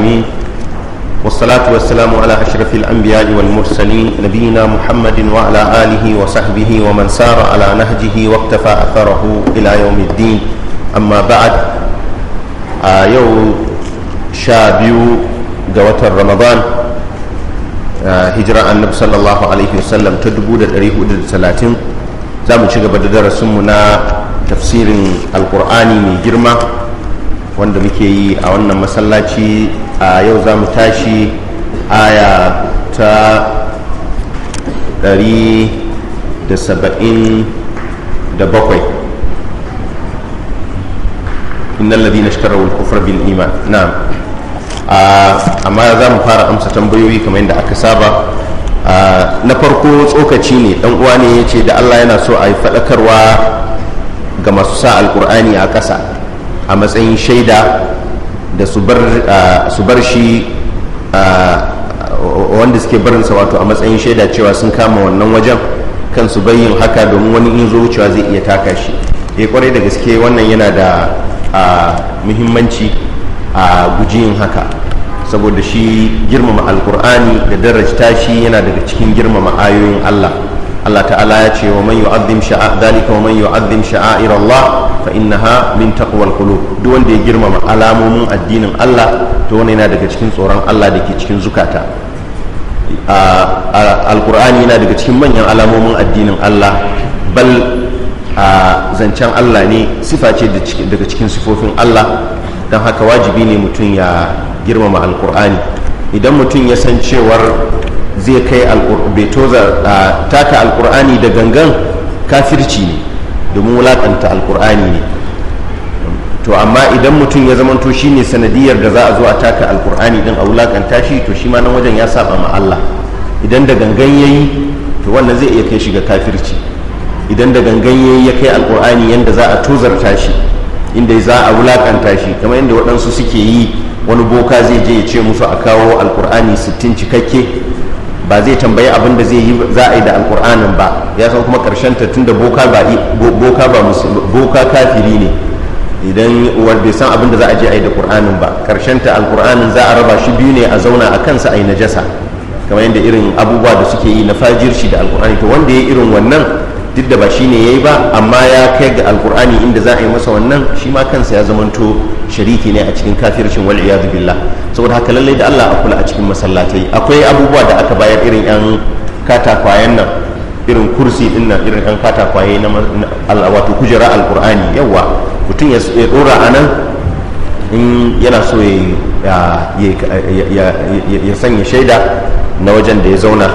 العالمين والصلاة والسلام على أشرف الأنبياء والمرسلين نبينا محمد وعلى آله وصحبه ومن سار على نهجه واقتفى أثره إلى يوم الدين أما بعد يوم شابيو جوات رمضان آه هجرة النبي صلى الله عليه وسلم تدبود ودد سلاتين زامن شغب درسمنا tafsirin alkur'ani mai girma wanda muke yi a wannan masallaci a yau za mu tashi aya ta 177 innal ladina na al-kufra bin iman amma za mu fara amsa tambayoyi kamar yadda aka saba na farko tsokaci ne dan uwa ne ya ce da allah yana so a yi faɗakarwa ga masu sa alkur'ani a ƙasa a matsayin shaida da su bar shi wanda suke barinsa wato a matsayin shaida cewa sun kama wannan wajen kan su bayyin haka domin wani in zo wucewa zai iya taka shi ya eh, kwarai da gaske wannan yana da muhimmanci a guji yin haka saboda shi girmama alkur'ani da darajta shi yana daga cikin girmama ayoyin allah allah ta'ala ya ce wa man yu'azzim sha'a dhalika wa man yu'azzim sha'a fa ha min taqwal qulub duk wanda ya girmama alamomin addinin Allah to wannan yana daga cikin tsoron Allah da ke cikin zukata alqur'ani yana daga cikin manyan alamomin addinin Allah bal zancen Allah ne sifa ce daga cikin sifofin Allah don haka wajibi ne mutum ya girmama alqur'ani idan mutum ya san cewar zai kai alqur'ani taka alqur'ani da gangan kafirci ne domin wulakanta alkur'ani ne to amma idan mutum ya zamanto shi ne sanadiyar da za a zo a taka alkur'ani din a wulakanta shi to shi ma nan wajen ya saba ma Allah idan da gangan yayi to wannan zai iya kai shi ga kafirci idan da gangan yayi ya kai alkur'ani yanda za a tozarta shi inda za a wulakanta shi kamar yadda waɗansu suke yi wani boka zai je ya ce musu a kawo alkur'ani sittin cikakke ba zai tambayi abin da zai yi za a yi da alkur'anin ba ya san kuma karshen ta tunda boka ba boka ba boka kafiri ne idan bai san abin da za a je a yi da qur'anin ba karshen ta alkur'anin za a raba shi biyu ne a zauna a kansa a yi najasa kamar yadda irin abubuwa da suke yi na shi da alkur'ani to wanda ya irin wannan duk da ba shi ne ya yi ba amma ya kai ga alkur'ani inda za a yi masa wannan shi ma kansa ya zamanto shariki ne a cikin kafircin wal iyadu billah saboda haka lallai da Allah a kula a cikin masallatai akwai abubuwa da aka bayar irin yan katakwayen nan irin kursi din nan irin yan katakwaye na wato kujera alqur'ani yawa mutum ya dora anan in yana so ya sanya shaida na wajen da ya zauna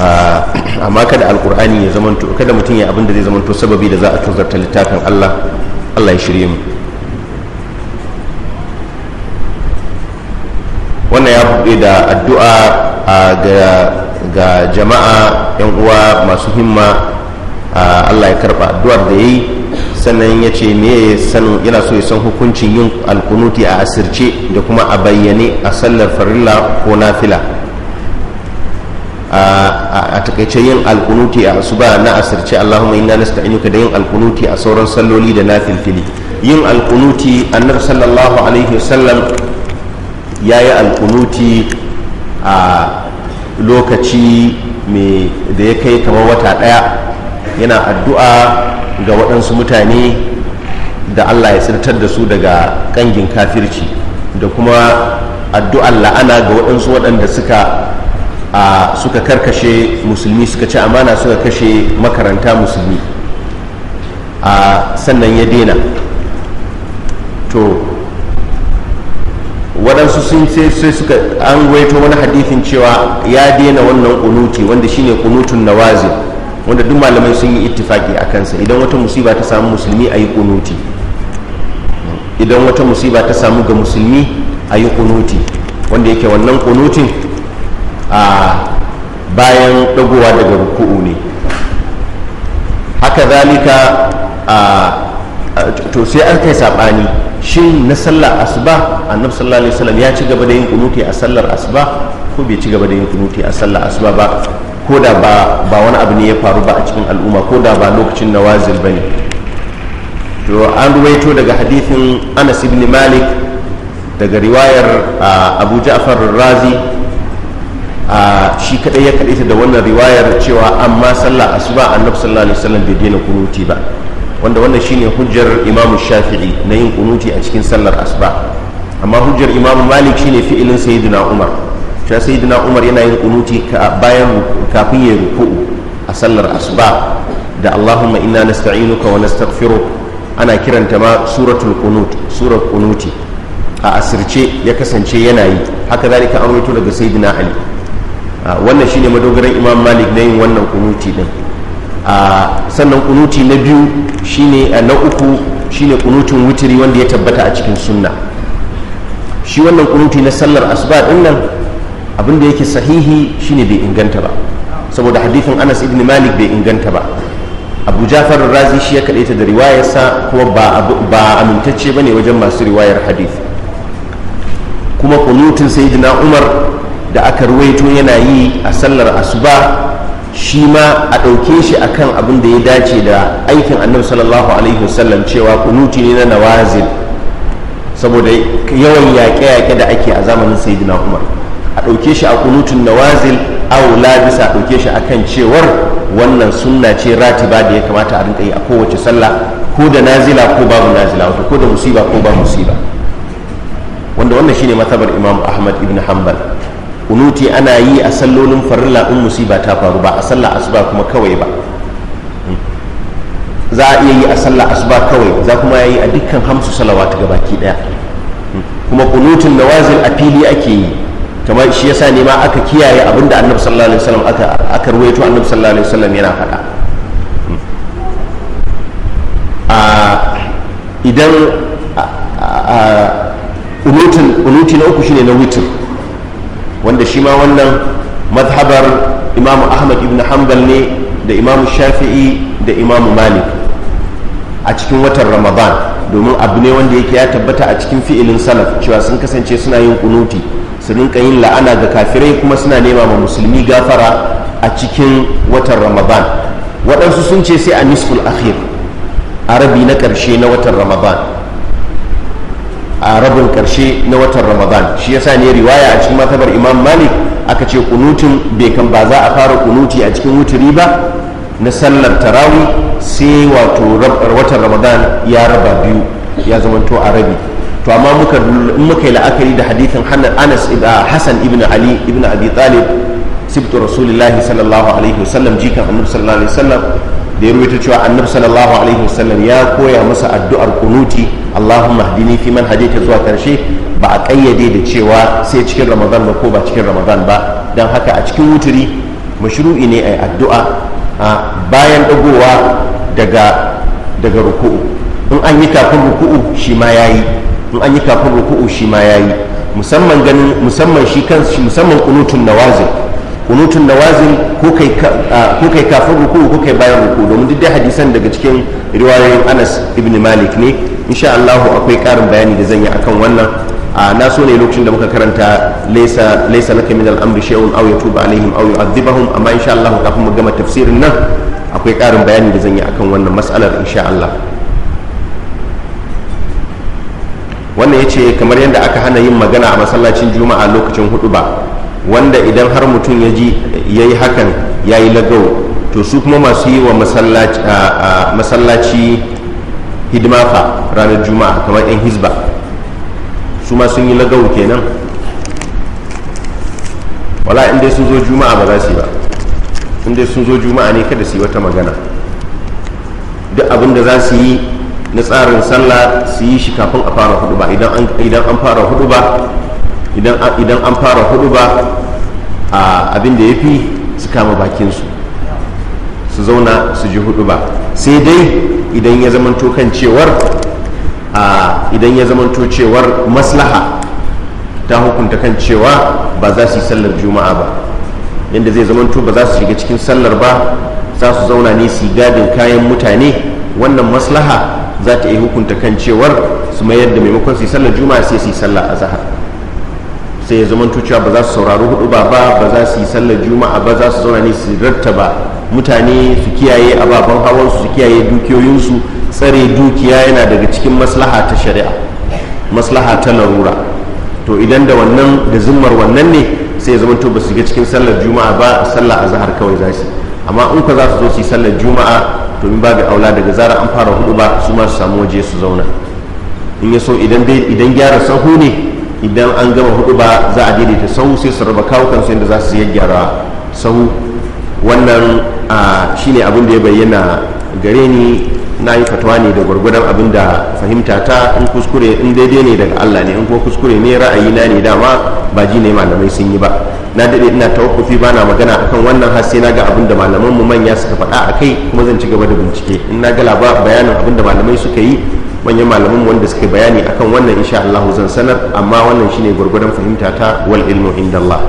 ah, amma kada alqur'ani ya zamanto kada mutum ya abin da zai zamanto sababi da za a tozarta littafin allah allah ya shirye mu wannan ya buɗe da addu'a ga jama'a 'yan uwa masu himma allah ya karba addu'ar da ya yi sannan ya ce me yana so ya san hukuncin yin alkunuti a asirce da kuma a bayyane a sallar farilla ko nafila a takaice yin alkunuti a asuba na asirce allahumma inna inuka da yin alkunuti a sauran salloli da na filfili yin alkunuti annabi sallallahu alaihi wasallam ya yi alkunuti a lokaci da ya kai kamar wata ɗaya yana addu'a ga waɗansu mutane da allah ya sirtar da su daga ƙangin kafirci da kuma addu'an la'ana ga waɗansu waɗanda suka a suka karkashe musulmi suka ci amana suka kashe makaranta musulmi a sannan ya dena to waɗansu sun sai suka an waito wani hadithin cewa ya daina wannan kunuti wanda shine kunutun nawazi wanda duk malamai sun yi ittifaki a kansa idan wata musiba ta samu musulmi a yi kunuti idan wata musiba ta samu ga musulmi a yi kunuti wanda yake wannan kunutin a bayan ɗagowa daga ruku'u ne haka zalika to sai an kai saɓani shin na sallar asuba annabi sallallahu alaihi wasallam ya ci gaba da yin kunuti a sallar asuba ko bai ci gaba da yin kunuti a sallar asuba ba ko da ba wani abu ne ya faru ba a cikin al'umma ko da ba lokacin nawazil bane to an ruwaito daga hadithin Anas ibn Malik daga riwayar Abu Ja'far razi shi kadai ya kadaita da wannan riwayar cewa amma sallar asuba annabi sallallahu alaihi wasallam bai daina kunuti ba wanda wannan shine hujjar imam shafi'i na yin kunuti a cikin sallar asuba amma hujjar imam malik shine fi'ilin sayyidina umar cewa sayyidina umar yana yin kunuti bayan kafin ya ruku'u a sallar asuba da allahumma inna nasta'inuka wa nastaghfiru ana kiranta ma suratul qunut surar kunuti a asirce ya kasance yana yi haka zalika an daga sayyidina ali wannan shine madogaran imam malik na yin wannan kunuti din a sannan kunuti na biyu shine na uku shine kunutun wutiri wanda ya tabbata a cikin sunna shi wannan kunuti na sallar asuba din nan abin da yake sahihi shine bai inganta ba saboda hadithin Anas ibn Malik bai inganta ba Abu Jafar Razi shi ya kadaita da riwayarsa kuma ba ba ne wajen masu riwayar hadith kuma kunutun sayyidina Umar da aka ruwaito yana yi a sallar asuba shi ma a ɗauke shi a kan abin da ya dace da aikin annabi sallallahu alaihi wasallam cewa kunuti ne na nawazil saboda yawan yaƙe-yaƙe da ake a zamanin sayyidina umar a ɗauke shi a kunutun nawazil aula bisa ɗauke shi akan cewar wannan sunna ce ratiba da ya kamata a rinka yi a kowace sallah ko da nazila ko babu nazila wato ko da musiba ko ba musiba wanda wannan shine matabar imam ahmad ibn hanbal kunuti ana yi a sallolin farilla in musiba ta faru ba a sallar asuba kuma kawai ba hmm. za a iya yi a sallar asuba kawai za kuma ya yi a dukkan hamsu salawat ga baki daya hmm. kuma kunutun nawazil a fili ake yi kamar shi yasa ne ma aka kiyaye abinda da annabi sallallahu alaihi wasallam aka aka ruwaito annabi sallallahu alaihi wasallam yana faɗa hmm. a idan a kunutin na uku shine na witir wanda shi ma wannan mazhabar imamu ahmad ibn hanbal ne da imamu shafi'i da imamu malik a cikin watan ramadan domin abu ne wanda yake ya tabbata a cikin fi'ilin salaf cewa sun kasance suna yin kunuti su rinka yin la'ana ga kafirai kuma suna nema ma musulmi gafara a cikin watan ramadan waɗansu sun ce sai a nisful akhir arabi na ƙarshe na watan ramadan a rabin karshe na watan ramadan shi yasa ne riwaya a cikin matabar imam malik aka ce kunutin bai kan ba za a fara kunuti a cikin wuturi ba na sallar tarawi sai wato watan ramadan ya raba biyu ya zamanto a rabi to amma muka muka yi la'akari da hadithin anas hasan ibn ali ibn abi talib sibtu rasulullahi sallallahu alaihi wasallam jikan annabi sallallahu alaihi wasallam da ya rubuta cewa annabi sallallahu alaihi wasallam ya koya masa addu'ar kunuti allahumma hdini fi man hadaita zuwa karshe ba a kayyade da cewa sai cikin ramadan ba ko ba cikin ramadan ba dan haka a cikin wuturi mashru'i ne ai addu'a bayan dagowa daga daga ruku'u in an yi kafin ruku'u shi ma yayi in an yi kafin ruku'u shi ma yayi musamman ganin musamman shi kansa musamman kunutun nawazil kunutun wazin ko kai kafin ruku ko kai bayan ruku domin duk dai hadisan daga cikin riwayoyin anas ibn malik ne insha allahu akwai karin bayani da zan yi akan wannan na so ne lokacin da muka karanta laisa laisa laka min al-amri tuba aw yatuba alaihim aw yu'adhibahum amma insha allahu kafin mu gama tafsirin nan akwai karin bayani da zan yi akan wannan mas'alar insha allah wannan ce kamar yadda aka hana yin magana a masallacin juma'a lokacin hudu ba wanda idan har mutum ya ji ya yi hakan ya yi lagau to su kuma masu yi wa masallaci hidima fa ranar juma'a kamar 'yan hizba su ma sun yi lagau kenan wala inda sun zo juma'a ba za su yi ba inda sun zo juma'a ne kada su yi wata magana duk abin da za su yi na tsarin sallah su yi shi kafin a fara hudu ba idan an fara hudu ba idan an fara hudu ba abin da ya fi su kama bakinsu su zauna su ji hudu ba sai dai idan ya zamanto kan cewar idan ya zamanto cewar maslaha ta hukunta kan cewa ba za su yi sallar juma'a ba yadda zai zamanto ba za su shiga cikin sallar ba za su zauna ne su gadin kayan mutane wannan maslaha za ta iya hukunta kan cewar su mayar da maimakon su yi sallar juma'a sai su yi sallar azahar sai ya zama cewa ba za su saurari hudu ba ba ba za su yi sallar juma'a ba za su zauna ne su rattaba mutane su kiyaye ababen hawan su kiyaye dukiyoyinsu tsare dukiya yana daga cikin maslaha ta shari'a maslaha ta larura to idan da wannan da zimmar wannan ne sai ya zama to ba su ga cikin sallar juma'a ba sallar azahar kawai za su amma in ka za su zo su yi sallar juma'a to in ba ga aula daga zara an fara hudu ba su ma su samu waje su zauna in ya so idan gyara sahu ne idan an gama hudu ba za a daidaita sau sai su raba kawukan su yadda za su yi gyara sau wannan shine abin da ya bayyana gare ni na yi fatawa ne da gwargwadon abin da fahimta ta in kuskure in daidai ne daga allah ne in kuma kuskure ne ra'ayi na ne dama ba ji ne malamai sun yi ba na daɗe ina tawakkufi ba na magana akan wannan har na ga abin da malaman mu manya suka faɗa a kai kuma zan ci gaba da bincike in na ga labar bayanin abin da malamai suka yi manyan malaman wanda suka bayani akan wannan insha Allah zan sanar amma wannan shine gurgurdan fahimta ta wal ilmu Allah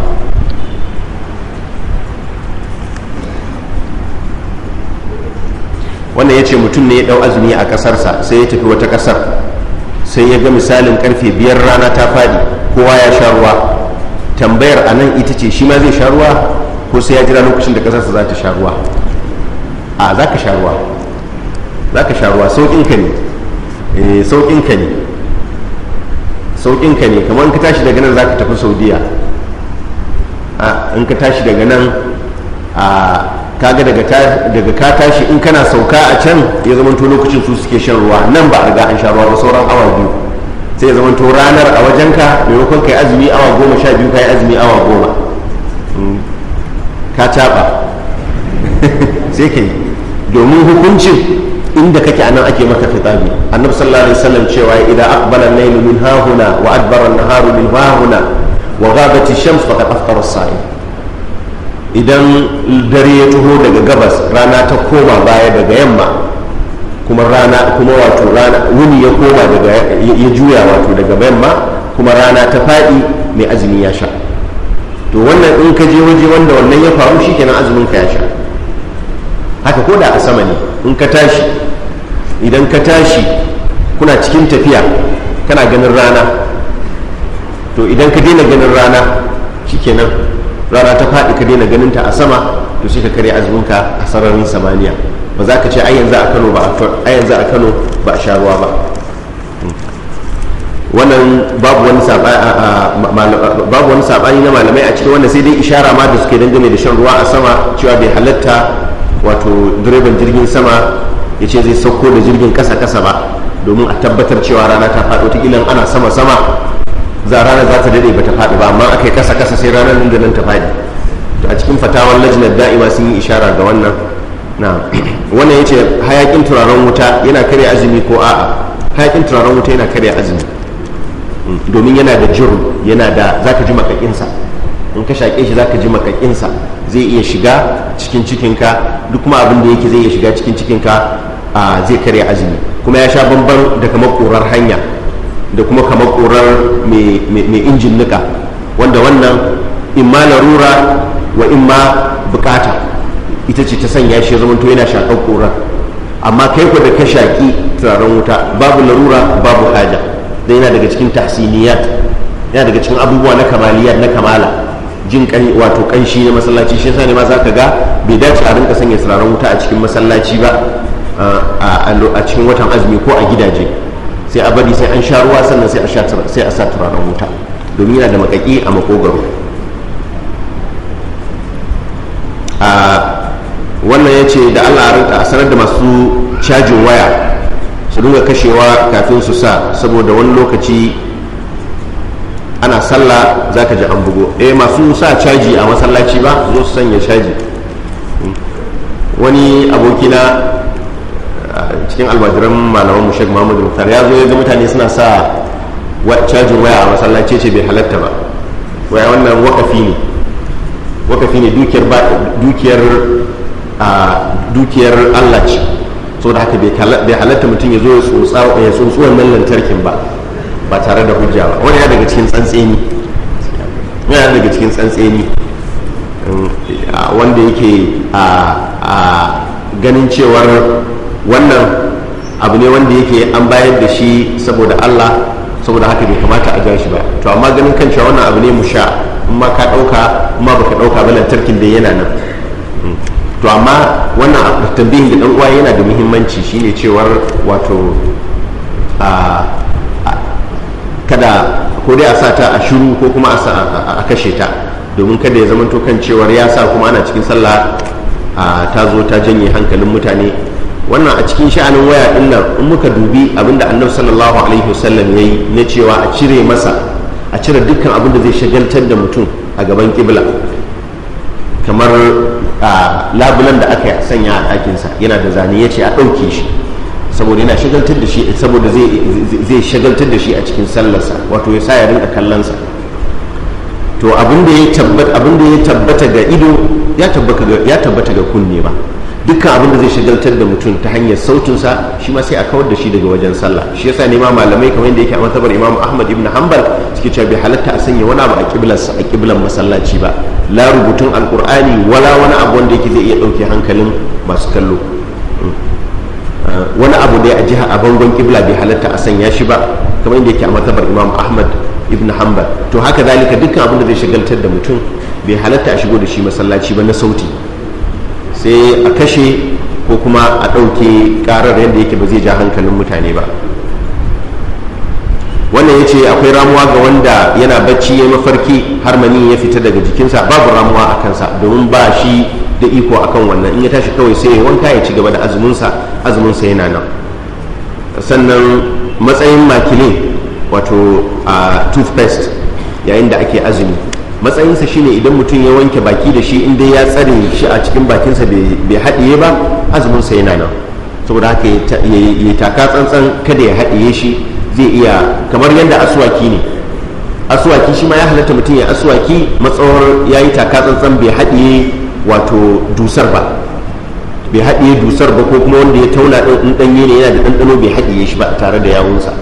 wannan ya ce mutum ne ya dau azumi a kasarsa sai ya tafi wata kasar sai ya ga misalin karfe biyar rana ta fadi kowa ya sha ruwa tambayar a nan ita ce shi ma zai sha ruwa ko sai ya jira lokacin da kasarsa za ta sha ruwa a za ka sha ruwa za ka ne Eh, saukinka ka ne ne kamar in ka tashi daga nan za ka tafi saudiya in ka tashi daga nan kaga daga ka tashi in kana sauka a can ya zamanto lokacin su suke shan ruwa nan ba a riga an sha ruwa ba sauran awa biyu sai ya zamanto ranar a wajenka maimakon ka yi azumi awa goma sha biyu ka yi azumi awa goma hmm. ka taɓa sai ka yi domin hukuncin inda kake anan ake maka fitabi annabi sallallahu alaihi wasallam cewa idan aqbala an-laylu min hahuna wa adbara an-naharu min hahuna wa ghabat ash-shams faqad aftara as-sa'im idan dare ya taho daga gabas rana ta koma baya daga yamma kuma rana kuma wato rana wuni ya koma daga ya juya wato daga yamma kuma rana ta fadi mai azumi ya sha to wannan in ka je waje wanda wannan ya faru shikenan azumin ka ya sha haka ko da a sama ne in ka tashi idan ka tashi kuna cikin tafiya kana ganin rana to idan ka daina ganin rana shikenan rana ta faɗi ka daina ganin ta a sama to sai ka kare azuminka a sararin samaniya ba za ka ce a yanzu a kano ba a sharuwa ba wannan babu wani saɓani na malamai a cikin wanda sai dai ishara ma da suke dangane da shan ruwa a sama cewa bai halatta wato direban jirgin sama ya ce zai sauko da jirgin kasa-kasa ba domin a tabbatar cewa rana ta faɗo ta ilan ana sama-sama za rana za ta daɗe ba ta faɗi ba amma aka yi kasa-kasa sai rana nan da nan ta faɗi a cikin fatawar lajinar da'ima sun yi ishara ga wannan na wannan ya ce hayakin turaren wuta yana karya azumi ko a'a hayakin turaren wuta yana karya azumi mm, domin yana da jiru yana da za ka ji makakinsa in ka shaƙe shi za ka ji makakinsa zai iya shiga cikin cikinka duk kuma abin da yake zai iya shiga cikin cikinka zai karya azumi kuma ya sha bambam da kamar korar hanya da kuma kamar korar mai injin nika wanda wannan imma larura wa imma bukata ita ce ta sanya shi zama to yana shakar korar amma kai ku da ka shaki turaren wuta babu larura babu haja don yana daga cikin tahsiniyat yana daga cikin abubuwa na kamaliyar na kamala jin wato kanshi na masallaci shi yasa ne ma za ka ga bai dace a rinka sanya turaren wuta a cikin masallaci ba a cikin watan azumi ko a gidaje sai a bari sai an sha ruwa sannan sai a sa turaren wuta domin yana da makaƙi a makogaro wannan ya ce da allah a sanar da masu cajin waya su dinga kashewa kafin su sa saboda wani lokaci ana sallah za ka ji an bugo eh masu sa caji a masallaci ba zo su sanya caji wani abokina cikin albajiran malaman mushek shek muhammadu ya zo ya ga mutane suna sa cajin waya a masallaci ce bai halatta ba waya wannan wakafi ne wakafi ne dukiyar dukiyar allah ce da haka bai halatta mutum ya zo ya tsuntsu wannan lantarkin ba ba tare da hujja ba wani ya daga cikin tsantseni ya daga cikin tsantseni wanda yake a ganin cewar wannan abu ne wanda yake an bayar da shi saboda allah saboda haka bai kamata a ja shi ba to amma ganin kan cewa wannan abu ne mu sha in ka dauka in baka dauka ba lantarkin da yana nan hmm. to amma wannan tambayin da dan uwa yana da muhimmanci shine cewar wato a kada ko dai a sa ta a shiru ko kuma a kashe ta domin kada ya zama to kan cewar ya sa kuma ana cikin sallah ta zo ta janye hankalin mutane wannan a cikin sha'anin waya din nan in muka dubi abinda annabi sallallahu alaihi wasallam yayi na cewa a cire masa a cire dukkan abin da zai shagaltar da mutum a gaban kibla kamar a labulan da aka sanya a ɗakinsa yana da zane ya ce a ɗauke shi saboda yana shagaltar da shi saboda zai shagaltar da shi a cikin sallarsa wato ya sa ya rinka kallonsa to abin da ya tabbata ga ido ya tabbata ga kunne ba dukkan abin da zai shagaltar da mutum ta hanyar sautinsa shi ma sai a kawar da shi daga wajen sallah shi yasa ne ma malamai kamar yadda yake a matabar imam ahmad ibn hanbal suke cewa bai halatta a sanya wani abu a kiblarsa a kiblan masallaci ba la rubutun alkur'ani wala wani abu wanda yake zai iya ɗauke hankalin masu kallo hmm. ah, wani abu da ya jiha a bangon kibla bai halatta a sanya shi ba kamar yadda yake a matabar imam ahmad ibn hanbal to haka zalika dukkan abin da zai shagaltar da mutum bai halatta a shigo da shi masallaci ba na sauti sai a kashe ko kuma a ɗauke ƙarar yadda yake ba zai ja hankalin mutane ba wannan ya ce akwai ramuwa ga wanda yana bacci ya mafarki har mani ya fita daga jikinsa babu ramuwa a kansa domin ba shi da iko akan wannan in ya tashi kawai sai ya wanka ya ci gaba da azuminsa azuminsa yana nan sannan matsayin makilin wato a toothpaste yayin da ake azumi matsayinsa shine idan mutum ya wanke baki da shi inda ya tsare shi a cikin bakinsa bai haɗiye ba azuminsa yana nan saboda haka ya taka tsantsan kada ya haɗiye shi zai iya kamar yadda asuwaki ne asuwaki shi ma ya halatta mutum ya asuwaki matsawar ya yi taka tsantsan bai haɗiye wato dusar ba bai haɗiye dusar ba ko kuma wanda ya tauna ɗin ɗanye ne yana da ɗanɗano bai haɗiye shi ba tare da yawunsa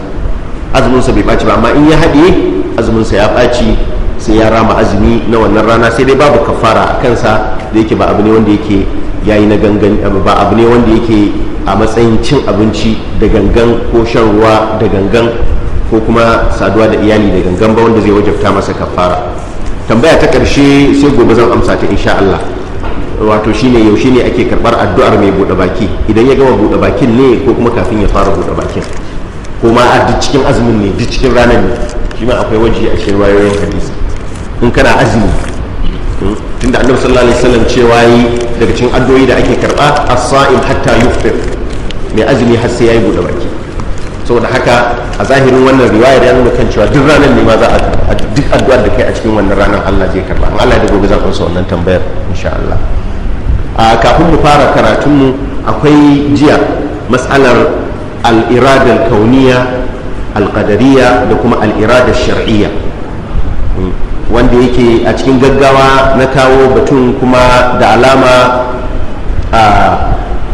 azuminsa bai ɓaci ba amma in ya haɗiye azuminsa ya ɓaci sai ya rama azumi na wannan rana sai dai babu kafara a kansa da yake ba abu ne wanda yake yayi na gangan ba abu ne wanda yake a matsayin cin abinci da gangan ko shan ruwa da gangan ko kuma saduwa da iyali da gangan ba wanda zai wajabta masa kafara tambaya ta karshe sai gobe zan amsa ta insha Allah wato shine yaushe ne ake karbar addu'ar mai bude baki idan ya gama bude bakin ne ko kuma kafin ya fara bude bakin ko a duk cikin azumin ne duk cikin ranar ne shi ma akwai waje a cikin wayoyin hadisi in kana azumi hmm? tunda annabi sallallahu alaihi wasallam cewa yi daga cikin addu'o'i da ake karba as-sa'im hatta yuftir mai azumi har sai yayi bude baki saboda haka a zahirin wannan riwayar ya nuna kan cewa duk ranar ne ma za a duk addu'ar da kai a cikin wannan ranar Allah zai karba in Allah da gobe zan amsa wannan tambayar insha Allah a kafin mu fara karatun mu akwai jiya mas'alar al-irada al-kauniyya al-qadariyya da kuma al-irada shar'iyya hmm? wanda yake a cikin gaggawa na kawo batun kuma da alama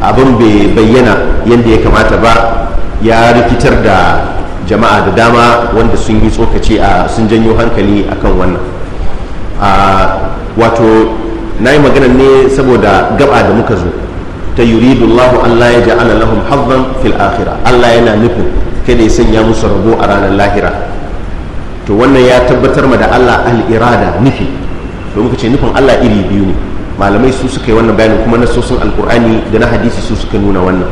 abin bai bayyana yadda ya kamata ba ya rikitar da jama'a da dama wanda sun yi tsokaci a sun janyo hankali akan wannan wato na yi maganar ne saboda gaba da muka zo ta yuridullahu allah ya ja'ala lahum hazzan fil akhirah allah yana nufin kada ya sanya musu rabo a ranar lahira to wannan ya tabbatar ma da Allah al-irada nufi to muka ce nufin Allah iri biyu ne malamai su suka yi wannan bayanin kuma na sosun alkur'ani da na hadisi su suka nuna wannan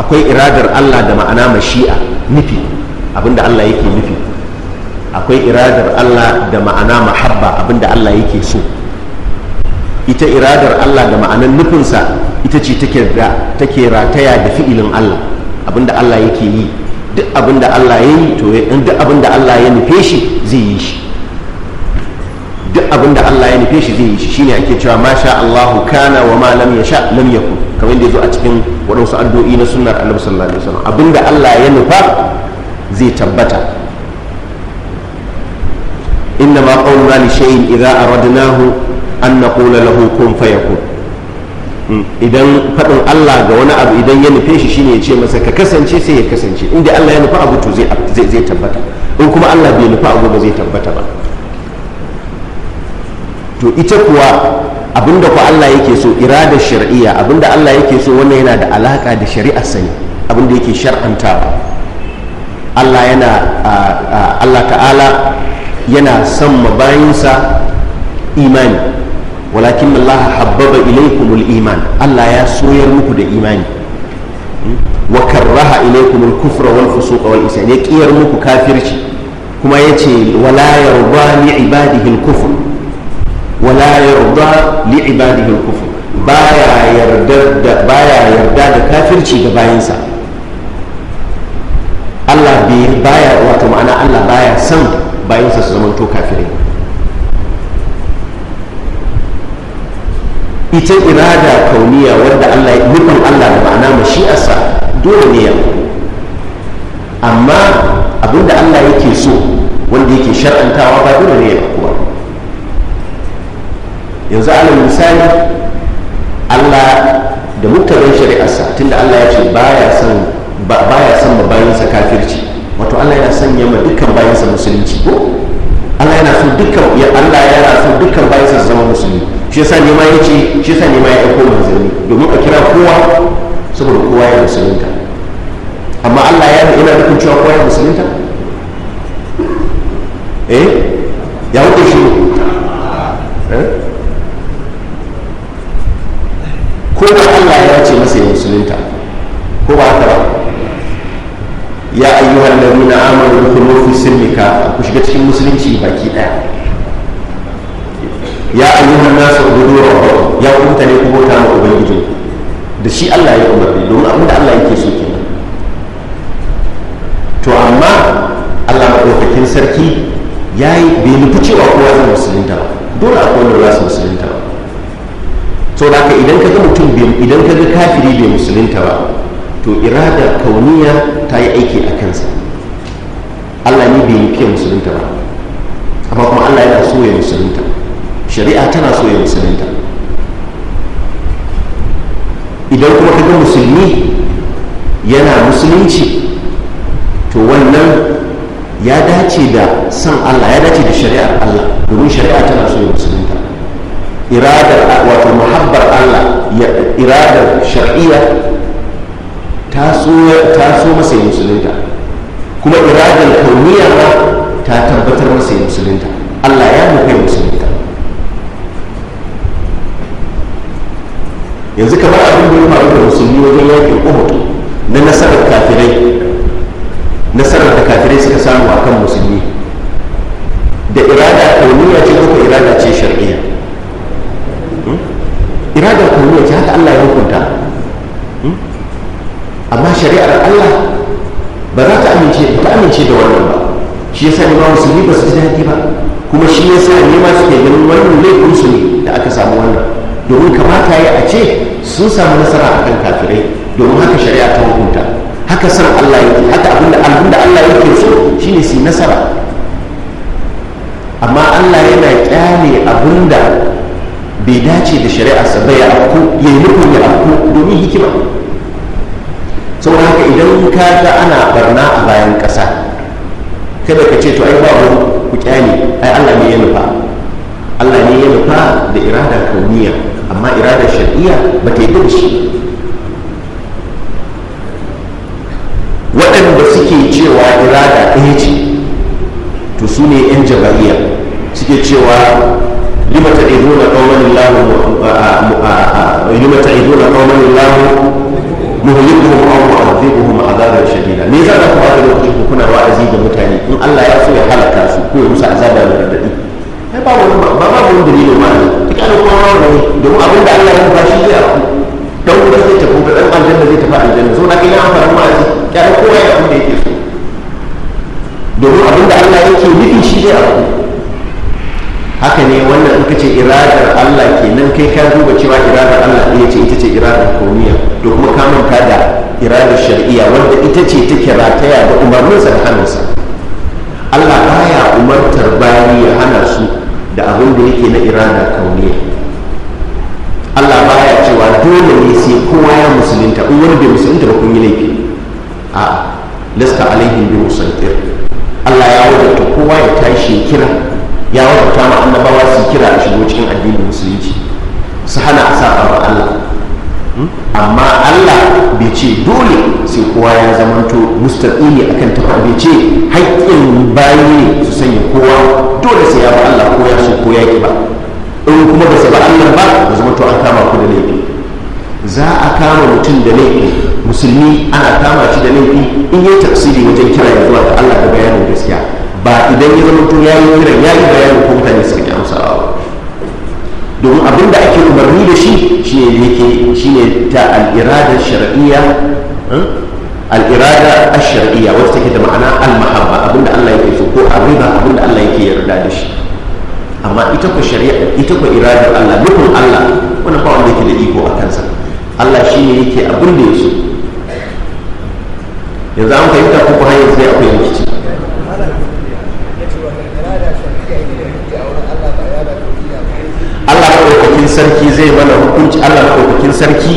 akwai iradar Allah da ma'ana mashi'a nufi abinda Allah yake nufi akwai iradar Allah da ma'ana mahabba abinda Allah yake so ita iradar Allah da ma'anan nufinsa ita ce take rataya da fi'ilin Allah abinda Allah yake yi duk abin da Allah ya yi to duk abin da Allah ya nufe shi zai yi shi duk abin da Allah ya nufe shi zai yi shi shine ake cewa masha Allahu kana wa ma lam yasha lam yakun kamar yadda zo a cikin waɗansu addu'o'i na sunnar Annabi sallallahu alaihi wasallam abin da Allah ya nufa zai tabbata inna ma qawluna li shay'in idza aradnahu an naqula lahu kun fayakun idan faɗin Allah ga wani abu idan ya nufe shi shine ya ce masa ka kasance sai ya kasance inda Allah ya nufa abu to zai tabbata in kuma Allah bai nufa abu ba zai tabbata ba to ita kuwa abinda ku Allah yake so irada shari'a abinda Allah yake so wannan yana da alaka da shari'ar sani abinda yake shar'anta Allah yana Allah ta'ala yana son mabayinsa imani walakin Allah habbaba ilaykumul iman Allah ya soyar muku da imani hmm? wa karraha ilaykumul kufra wal fusuqa wal isyan ya kiyar muku kafirci kuma yace wala yarda li ibadihi al kufr wala yarda li ibadihi al kufr baya yarda da baya yarda da kafirci ga bayansa Allah bai baya wato ma'ana Allah baya san bayansa su zama to kafirai ita irada kauniya wanda Allah ya nufin Allah da ma'ana mashi'arsa dole ne ya amma abinda Allah yake so wanda yake shar'antawa ba dole ne ya kuwa yanzu alal misali Allah da muktarin shari'arsa tunda Allah ya ce baya son baya son mabayinsa kafirci wato Allah yana san yamma dukkan bayansa musulunci ko Allah yana so dukkan ya Allah yana so dukkan bayansa zama musulunci. shi yasa nema ya ce shi yasa nema ya aiko manzanni domin ka kira kowa saboda kowa ya musulunta amma Allah ya yi ina nufin cewa kowa ya musulunta eh ya wuce shi eh? ko da Allah ya ce masa ya musulunta ko ba haka ba ya ayyuhan nuna amanu kuma fi silmika ku shiga cikin musulunci baki daya ya ayyuhan nasu ubudu rabbakum ya kunta ne ku bauta bai ubangiji da shi Allah ya umarni domin abin da Allah yake so kenan to amma Allah madaukakin sarki ya yi bai nufi cewa kowa zai musulunta ba dole akwai wanda za musulunta ba so da haka idan ka ga mutum idan ka ga kafiri bai musulunta ba to irada kauniya ta yi aiki a kansa Allah ne bai nufi musulunta ba amma kuma Allah yana so ya musulunta shari'a tana so ya musulunta idan kuma kaga musulmi yana musulunci to wannan ya dace da san allah ya dace da shari'ar allah domin shari'a tana so ya musulunta iradar wato muhabbar allah iradar shari'a ta so masa ya musulunta kuma iradar kauniya ta tabbatar masa ya musulunta allah ya nufi musulunta yanzu kamar abin da ya faru da musulmi wajen yakin uhud na nasarar kafirai nasarar da kafirai suka samu a kan musulmi da irada kauniya ce ko irada ce shari'a hmm? irada kauniya ce haka allah ya hukunta hmm? amma shari'ar allah ba za ta amince ta amince da wannan ba shi yasa ne ba musulmi ba su ji daɗi ba kuma shi yasa ne ma suke ganin wannan laifin su ne da aka samu wannan domin kamata ya a ce sun samu nasara a kan kafirai domin haka shari'a ta hukunta haka san Allah yake haka abinda abinda Allah yake so shine su nasara amma Allah yana kyale abinda bai dace da shari'a ba ya afku ya yi nufin ya afku domin hikima saboda haka idan ka ga ana barna a bayan ƙasa kada ka ce to ai ba ku kyale ai Allah ne ya nufa Allah ne ya nufa da irada kauniya amma irada shari'a ba ta yi da shi waɗanda suke cewa irada ɗaya ce to su ne 'yan jama'iyya suke cewa lima ta ido na ƙaunar lahu lima ta ido na ƙaunar lahu muhimmin abu a zaɓuhun azabar shadida me za a kuma da lokacin kuna wa'azi da mutane in allah ya so ya halaka su ko ya musu azabar da daɗi wani dalilin ma ta kyale kuma ma ne domin abin da Allah ya ba shi zai aku dan kuma zai tafi da ɗan aljanna zai tafi aljanna so na ga yana amfani ma zai kyale kowa ya abin da yake so domin abin da Allah yake nufi shi zai aku haka ne wannan in ce iradar Allah ke nan kai ka duba cewa iradar Allah ɗaya ce ita ce iradar kauniya da kuma ka manta da iradar shari'a wanda ita ce ta take rataya da umarninsa da hannunsa Allah baya umartar bayi ya hana su da abin da yake na irada kauniya Allah baya cewa dole ne sai kowa ya musulunta in wani bai musulunta ba kun yi laifi a lasta alaihim bi musaltir Allah ya wadata kowa ya tashi kira ya wadata ma annabawa su kira a shigo cikin addinin musulunci su hana a Allah amma Allah bai ce dole sai kowa ya zamanto mustaqili akan tafa bai ce haƙƙin bayi ne su sanya kowa dole sai ya ba Allah ko ya so ko ya ba in kuma ba sai ba Allah ba ba zama to an kama ku da laifi za a kama mutum da laifi musulmi ana kama shi da laifi in yi tafsiri wajen kira ya zuwa ga Allah da bayanin gaskiya ba idan ya zama to ya yi kiran ya yi bayanin ko mutane suka ji amsawa domin abin da ake umarni da shi shi ne yake shi ne ta al'irada shari'a eh? al'irada a shari'a wacce take da ma'ana al-mahabba abin da Allah yake so ko arriba abin da Allah yake yarda da shi amma ita ku shari'a ita ku irada Allah nufin Allah wanda ba wanda yake da iko a kansa Allah shi ne yake abin da ya so yanzu an fahimta ko ba yanzu akwai rikici sarki zai mana hukunci allah maɗaukakin sarki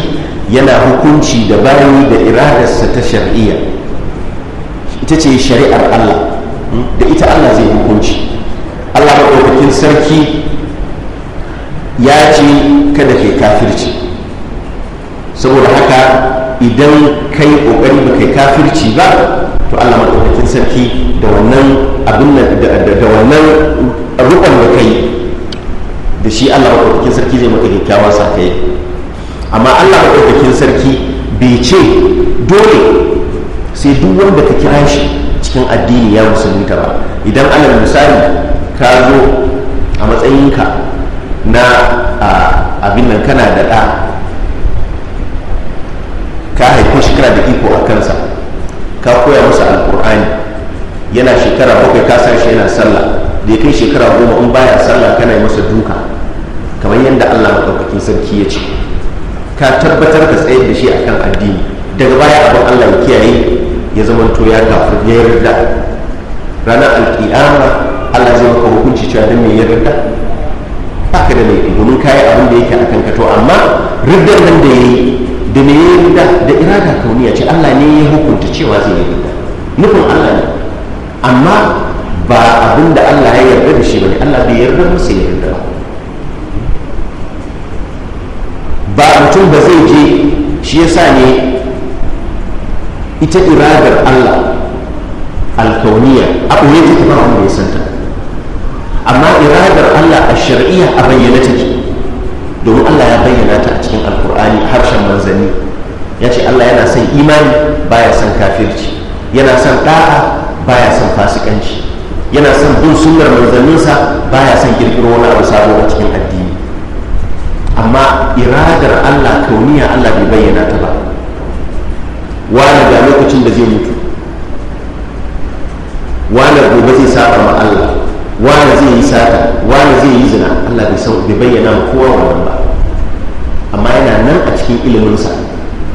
yana hukunci da bayani da iradarsa ta shari'a ita ce shari'ar allah hmm? da ita allah zai hukunci allah maɗaukakin sarki ya ce kada kai kafirci saboda haka idan kai ƙoƙari ba kai kafirci ba to allah maɗaukakin sarki da wannan abin da wannan rukun da kai da shi allah maɗaukakin sarki zai maka kyakkyawan sakaye amma allah maɗaukakin sarki bai ce dole sai duk wanda ka kira shi cikin addini ya musulunta ba idan allah misali ka zo a matsayinka na abin nan kana da ɗa ka haifi shekara da iko a kansa ka koya masa alkur'ani yana shekara bakwai ka san shi yana sallah da ya kai shekara goma in baya sallah kana yi masa duka kamar yadda Allah maɗaukakin sarki ya ce ka tabbatar da tsayar da shi a kan addini daga baya abin Allah ya kiyaye ya zama to ya kafir ya yarda ranar alƙiyama Allah zai maka hukunci cewa don me ya yarda ba ka da laifi domin kayi abin da yake a kan kato amma riddar nan da ya yi da me ya yarda da irada kauniya ce Allah ne ya hukunta cewa zai yarda nufin Allah ne amma ba abin da Allah ya yarda da shi ne Allah bai yarda musu ya ba mutum ba zai je shi ya sa ne ita iradar Allah alkauniya a ɓoye take ba wanda ya santa amma iradar Allah a shari'a a bayyana take domin Allah ya bayyana ta a cikin alkur'ani harshen manzanni ya ce Allah yana son imani baya son kafirci yana son ɗa'a baya son fasikanci yana son bin sunnar manzanninsa baya son kirkiro wani abu sabo a cikin addini amma iradar Allah kauniya Allah bai bayyana ta ba wani ga lokacin da zai mutu wani gobe zai saba ma Allah wani zai yi sata wani zai yi zina Allah bai bayyana ma kowa wannan ba amma yana nan a cikin iliminsa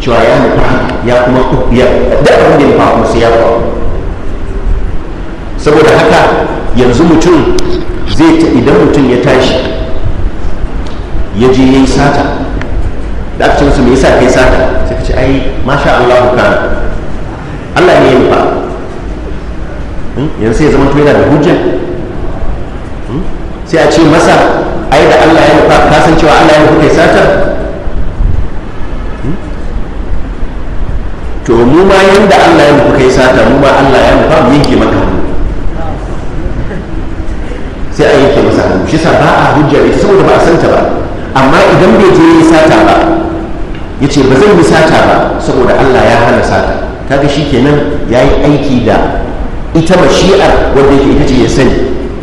cewa ya mutu ya kuma ya da abin da ya faru sai ya faru saboda haka yanzu mutum zai ta idan mutum ya tashi ya ji ya yi sata da aka ce musu me yasa kai sata suka ce ai masha Allah kana Allah ne ya nufa hmm? yanzu sai ya zama to yana da hujja hmm? sai a ce masa ai da Allah ya nufa ka san cewa Allah ya nufa kai sata hmm? to mu ma yanda Allah ya nufa kai sata mu ma Allah ya nufa mu yanke maka hannu sai a yanke masa hannu shi sa ba a hujjar ita saboda ba a santa ba amma idan bai je ya sata ba ya ce ba zai yi sata ba saboda allah ya hana sata kaga shi kenan ya yi aiki da ita mashi'ar wadda yake ita ce ya sani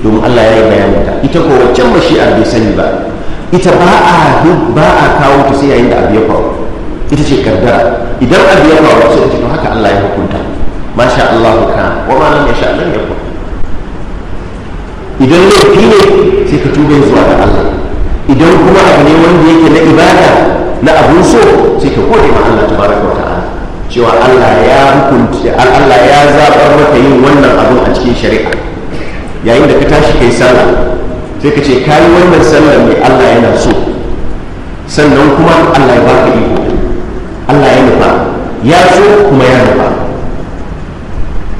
domin allah ya yi ta ita ko waccan mashi'ar bai sani ba ita ba a ba a kawo ta sai yayin da abu ya faru ita ce kardara idan abu ya faru sai ta ce haka allah ya hukunta masha allah ka wa ma nan ya sha nan ya yakun idan laifi ne sai ka tuba zuwa ga allah idan kuma abu ne wanda yake na ibada na abun so sai ka gode ma Allah baraka wata ala cewa Allah ya hukunta Allah ya zabar maka yin wannan abun a cikin shari'a yayin da ka tashi kai sallah sai ka ce kayi wannan sallar mai Allah yana so sannan kuma Allah ya baka iko Allah ya nufa ya so kuma ya nufa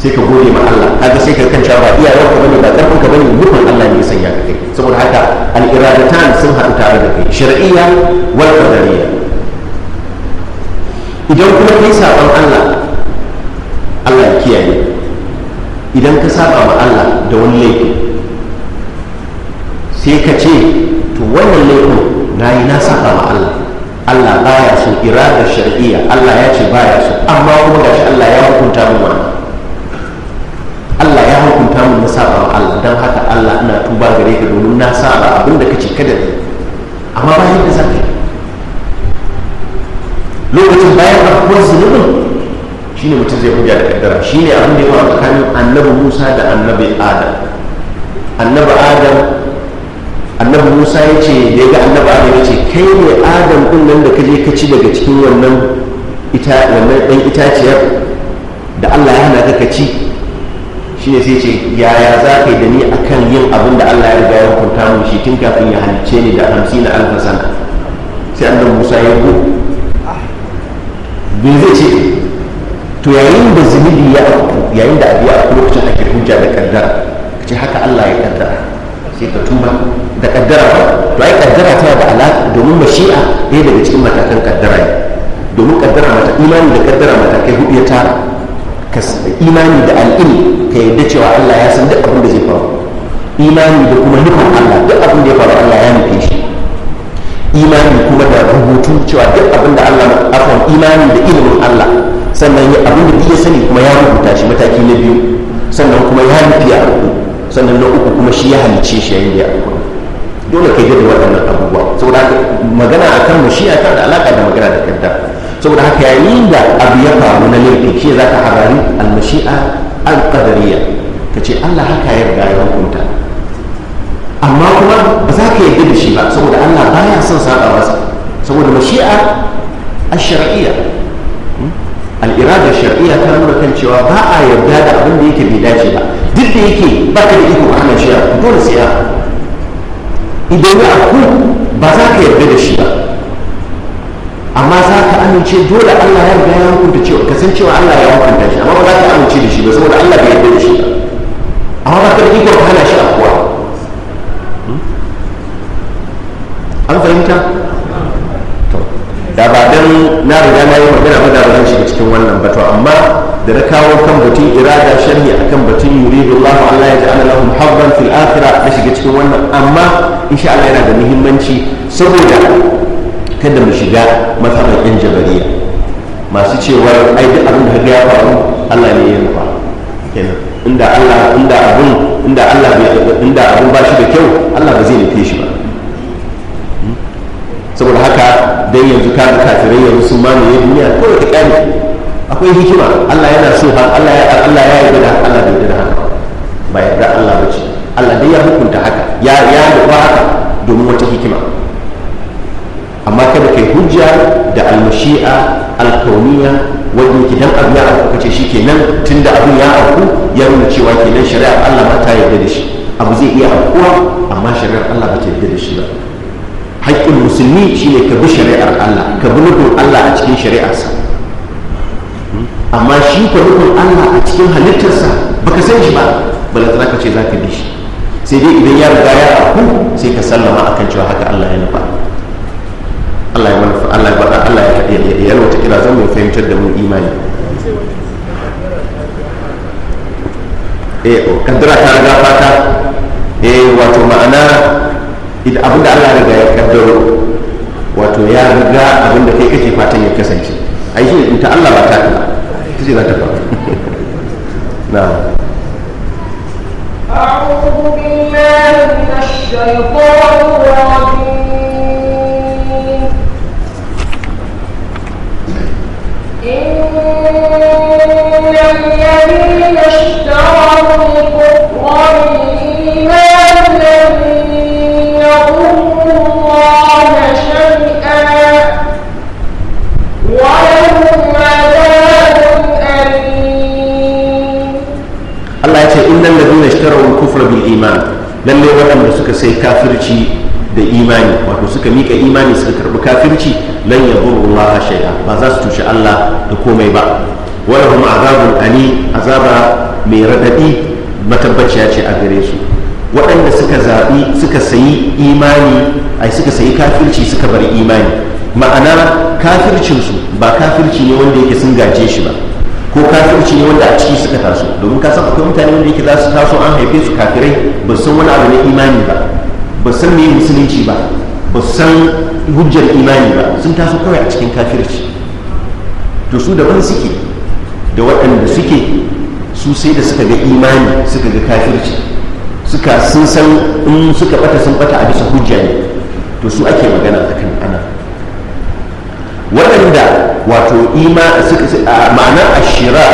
sai ka gode ma Allah kaga sai ka kanta ba iyayenka bane ba karfin ka bane nufin Allah ne ya sanya ka kai saboda haka al'iradatan sun haɗu tare da kai shari'iyya wal qadariyya idan kuma kai saban Allah Allah ya kiyaye idan ka saba ma Allah da wani laifi sai ka ce to wannan laifin na yi na saba ma Allah Allah baya so iradar shari'iyya Allah ya ce baya so amma kuma gashi Allah ya hukunta mu wannan namun na saba wa Allah don haka Allah ina tuba gare ka domin na saba abin da kace kada ne amma bayan da zaka lokacin bayan akwai zunubin shine mutum zai buga da kaddara shine abin da yawa tsakanin annabi Musa da annabi Adam annabi Adam annabi Musa ya ce da ya ga annabi Adam ya ce kai ne Adam din nan da kaje ka ci daga cikin wannan ita wannan dan itaciyar da Allah ya hana ka ci ne sai ce yaya za ka yi da ni akan yin abin da Allah ya riga ya hukunta mu shi tun kafin ya halicce ni da hamsin na alfa sana sai annabi Musa ya ku bin zai ce to yayin da zunubi ya yayin da abu ya aku lokacin ake hujja da kaddara ka ce haka Allah ya kaddara sai ka tuba da kaddara ba to ai kaddara ta da alaƙa domin mashi'a ɗaya daga cikin matakan kaddara ne domin kaddara mata imani da kaddara matakai hudu ya tara ka imani da al'ilm ka yadda cewa Allah ya san duk abin da zai faru imani da kuma nufin Allah duk abin da ya faru Allah ya nufe shi imani kuma da rubutu cewa duk abin da Allah afwan imani da ilimin Allah sannan ya abin da duk ya sani kuma ya rubuta shi mataki na biyu sannan kuma ya nufi a uku sannan na uku kuma shi ya halice shi ya da a uku dole ka yi da waɗannan abubuwa saboda magana akan mashi'a ta da alaƙa da magana da kaddar. saboda haka yayin da abu ya faru na laifi shi za ka harari almashi'a alƙadariya ka ce allah haka ya riga ya hukunta amma kuma ba za ka yarda da shi ba saboda allah ba ya son saba masa saboda mashi'a a shari'a hmm? al-irada shar'iyya ta nuna kan cewa ba a yarda da abin da yake bai dace ba duk da yake ba ka da iko hana shi dole sai ya idan ya aku ba za ka yarda da shi ba amma za amince dole Allah ya riga ya hukunta cewa kasancewa Allah ya hukunta shi amma ba za ka amince da shi ba saboda Allah bai yarda da shi ba amma ba ka da ikon hana shi kuwa an fahimta to da ba dan na riga na yi magana ba da ba zan shiga cikin wannan ba to amma da na kawo kan batun irada sharhi akan batun yuridullahu Allah ya ja'ala lahum habban fil akhirah na shiga cikin wannan amma insha Allah yana da muhimmanci saboda kada mu shiga matsalar yan jabariya masu cewa ai duk abin da ya faru allah ne ya nufa kenan inda allah inda abin inda allah inda abin ba shi da kyau allah ba zai nufe shi ba saboda haka dai yanzu ka ga kafirai yanzu sun mamaye duniya ko da kyani akwai hikima allah yana so har allah ya allah ya yi da allah bai da haka ba yarda allah ba ce allah dai ya hukunta haka ya ya nufa haka domin wata hikima amma kada kai hujja da almashi'a alkauniya wajen yake dan abu ya auku kace shi tun da abu ya auku ya nuna cewa kenan shari'ar Allah ba ta yarda da shi abu zai iya aukuwa amma shari'ar Allah ba ta yarda da shi ba haƙƙin musulmi shine ka bi shari'ar Allah ka bi nufin Allah a cikin shari'arsa amma shi ka nufin Allah a cikin halittarsa baka san shi ba balantana ka ce za ka bi shi sai dai idan ya riga ya auku sai ka sallama akan cewa haka Allah ya nufa Allah ya manufa Allah ya bada Allah ya yalwata kira zan mai fahimtar da mu imani eh oh, kaddara ta riga fata eh wato ma'ana idan abin da Allah riga ya kaddaro wato ya riga abin da kai kake fatan ya kasance ai shi in ta Allah ba ta ta ce za ta faru na أعوذ بالله من الشيطان الرجيم الذين اشتروا الكفر بالإيمان لن يضروا الله شيئا ولهم عذاب أليم الله يقول suka sai kafirci da imani wato suka mika imani suka karbi kafirci lan yadurru Allah ba za su tushe Allah da komai ba wala a azabun ali azaba mai radadi matabbaciya ce a gare su waɗanda suka zaɓi suka sayi imani ai suka sayi kafirci suka bar imani ma'ana kafircinsu ba kafirci ne wanda yake sun gaje shi ba ko kafirci ne wanda a ciki suka taso domin ka san akwai mutane wanda yake za su taso an haife su kafirai ba san wani abu na imani ba ba san me musulunci ba ba san hujjar imani ba sun taso kawai a cikin kafirci to su daban suke da waɗanda suke su sai da suka ga imani suka ga kafirci suka sun san in suka bata sun bata a bisa hujja ne to su ake magana kan ana waɗanda wato ima ma'ana ashira